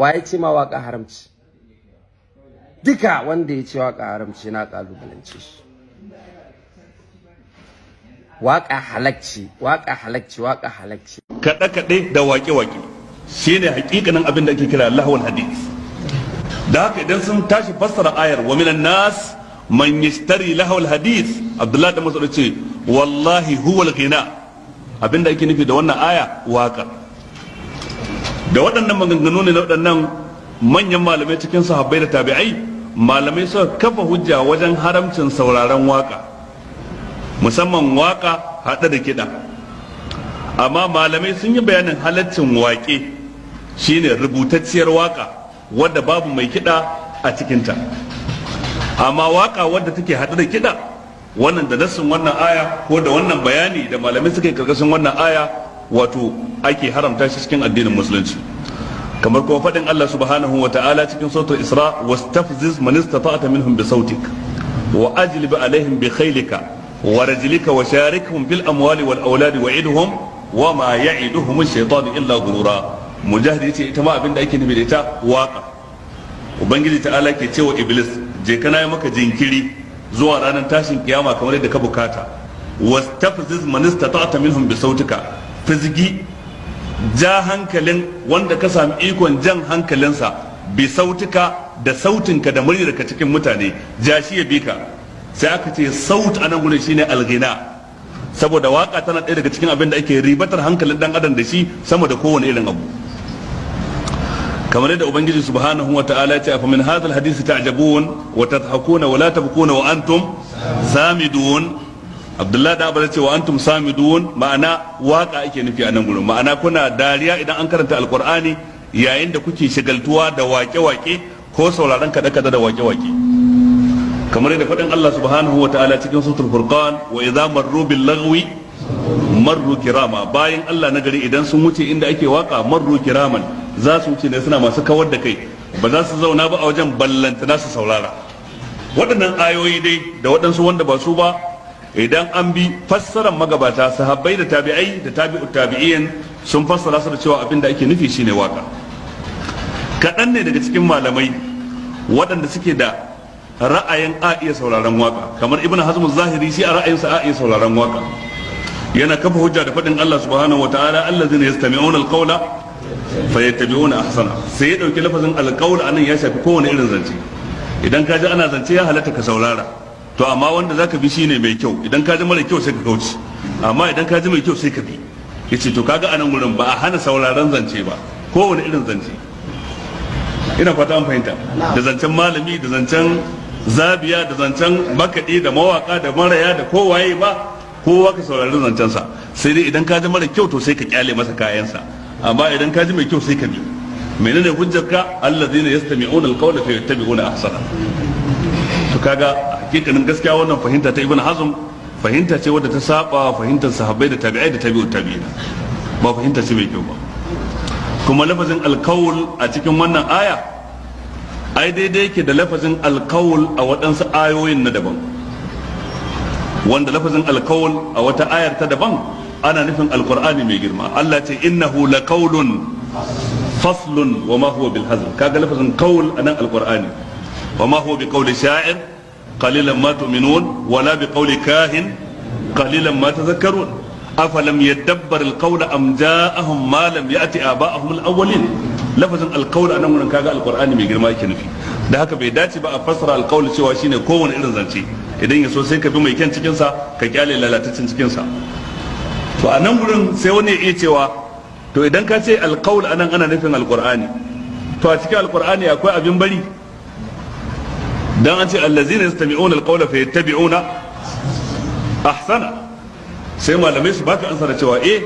wa ya ce ma waka haramci duka wanda ya ce waka haramci na kalubalance shi waka halacci waka halacci waka halacci kada kade da wake wake shine hakikanin abin da ake kira lahawar hadith da haka idan sun tashi fassara ayar wa minan nas man yashtari lahwal hadith abdullahi da masu ce wallahi huwal ghina abin da ake nufi da wannan aya waka da waɗannan maganganu ne na waɗannan manyan malamai cikin sahabbai da tabi'ai malamai suka kafa hujja wajen haramcin sauraron waka musamman waka haɗe da kiɗa amma malamai sun yi bayanin halaccin waƙe shine rubutacciyar waka wadda babu mai kiɗa a cikinta amma waka wadda take haɗe da kiɗa wannan da nassin wannan aya ko da wannan bayani da malamai suka yi karkashin wannan aya wato ake haramta shi cikin addinin musulunci kamar kuma faɗin Allah subhanahu wa ta'ala cikin sautar Isra wastafziz man istata'ta minhum bi sautik wa ajlib alaihim bi khaylika wa rajlika wa sharikhum bil amwali wal awladi wa idhum wa ma ya'iduhum ash-shaytan illa ghurura mujahid yace ita ma abinda ake nufi da ita waka ubangiji ta'ala ke cewa iblis je kana yi maka jinkiri zuwa ranar tashin kiyama kamar yadda ka bukata wastafziz man istata'ta minhum bi sautika fizgi ja hankalin wanda ka sami ikon jan hankalinsa bi sautuka da sautinka da muryarka cikin mutane ja shi ya bi ka sai aka ce saut a nan gudun shine alghina saboda waka tana ɗaya daga cikin abin da ake ribatar hankalin dan adam da shi sama da kowane irin abu kamar yadda ubangiji subhanahu wa ta'ala ya ce afa min hadha alhadith ta'jabun wa tadhakuna wa la tabkuna wa antum samidun abdullahi da abada ce wa antum samidun ma'ana waka ake nufi a nan gurin ma'ana kuna dariya idan an karanta alqur'ani yayin da kuke shagaltuwa da wake-wake ko sauraron kada-kada da wake-wake kamar yadda faɗin Allah subhanahu wa ta'ala cikin sutul furqan wa idza marru bil lagwi marru kirama bayan Allah na gari idan sun wuce inda ake waka marru kiraman za su wuce ne suna masu kawar da kai ba za su zauna ba a wajen ballanta su saurara waɗannan ayoyi dai da waɗansu wanda ba su ba idan an bi fassarar magabata sahabbai da tabi'ai da tabi'u tabi'in sun fassara su da cewa abin da ake nufi shine waka kaɗan ne daga cikin malamai waɗanda suke da ra'ayin a iya sauraron waka kamar ibn hazm zahiri shi a ra'ayinsa a iya sauraron waka yana kafa hujja da faɗin Allah subhanahu wataala allazina yastami'una alqawla fayattabi'una ahsana sai ya dauki lafazin alqawla anan ya shafi kowane irin zance idan ka ji ana zance ya halatta ka saurara to amma wanda zaka bi shine mai kyau idan ka ji mara kyau sai ka kauce amma idan ka ji mai kyau sai ka bi yace to kaga anan gurin ba a hana sauraron zance ba kowane irin zance ina fata an fahimta da zancen malami da zancen zabiya da zancen bakadi da mawaka da maraya da kowaye ba kowa ka saurari sa sai dai idan ka ji mara kyau to sai ka kyale masa kayansa amma idan ka ji mai kyau sai ka bi menene hujjar ka allazina yastami'una alqawla fa yattabi'una ahsana to kaga hakikanin gaskiya wannan fahimta ta ibn hazm fahimta ce wadda ta saba fahimtar sahabbai da tabi'ai da tabi'u tabi'ina ba fahimta ce mai kyau ba kuma lafazin alkawul a cikin wannan aya ai daidai yake da lafazin alkawul a waɗansu ayoyin na daban wanda lafazin alkawul a wata ayar ta daban ana nufin alkur'ani mai girma Allah ce innahu laqawlun faslun wa ma huwa bil hazl kaga lafazin a anan alkur'ani wa ma huwa biqawli sha'ir qalilan ma tu'minun wa la biqawli kahin qalilan ma tadhakkarun afalam yadabbar alqawla am ja'ahum ma lam ya'ti aba'ahum alawwalin lafazin alqawla anan gurin kaga alqur'ani mai girma yake nufi da haka bai dace ba a fassara alqawli cewa shine kowane irin zance idan ya so ka bi mai kyan cikinsa ka kyale lalataccen cikinsa to a nan gurin sai wani ya iya cewa to idan ka ce alkawul anan ana nufin alkur'ani to a cikin alkur'ani akwai abin bari dan an ce allazina yastami'una alqawla yattabi'una ahsana sai malamai su baka ansara cewa eh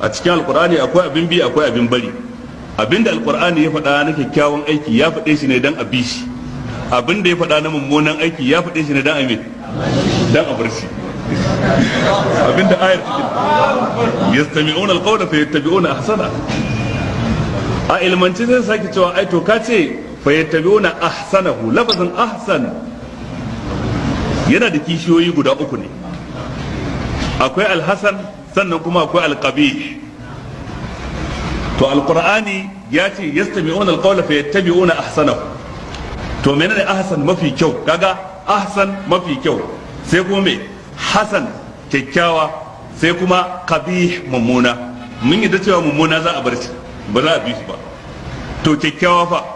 a cikin alqur'ani akwai abin bi akwai abin bari abinda alqur'ani ya faɗa na kyakkyawan aiki ya faɗe shi ne dan a bi shi abinda ya faɗa na mummunan aiki ya faɗe shi ne dan a me dan a bar shi abinda ayar cikin yastami'una alqawla yattabi'una ahsana a ilmance sai sake cewa ai to ka ce fayyattabiuna ahsanahu lafazin ahsan yana da kishiyoyi guda uku ne akwai alhasan sannan kuma akwai alqabih to alqur'ani ya ce yastami'una alqawla fa ahsanahu to menene ahsan mafi kyau kaga ahsan mafi kyau sai kuma me hasan kyakkyawa sai kuma qabih mummuna mun yi da cewa mummuna za a bar shi ba za a bi shi ba to kyakkyawa fa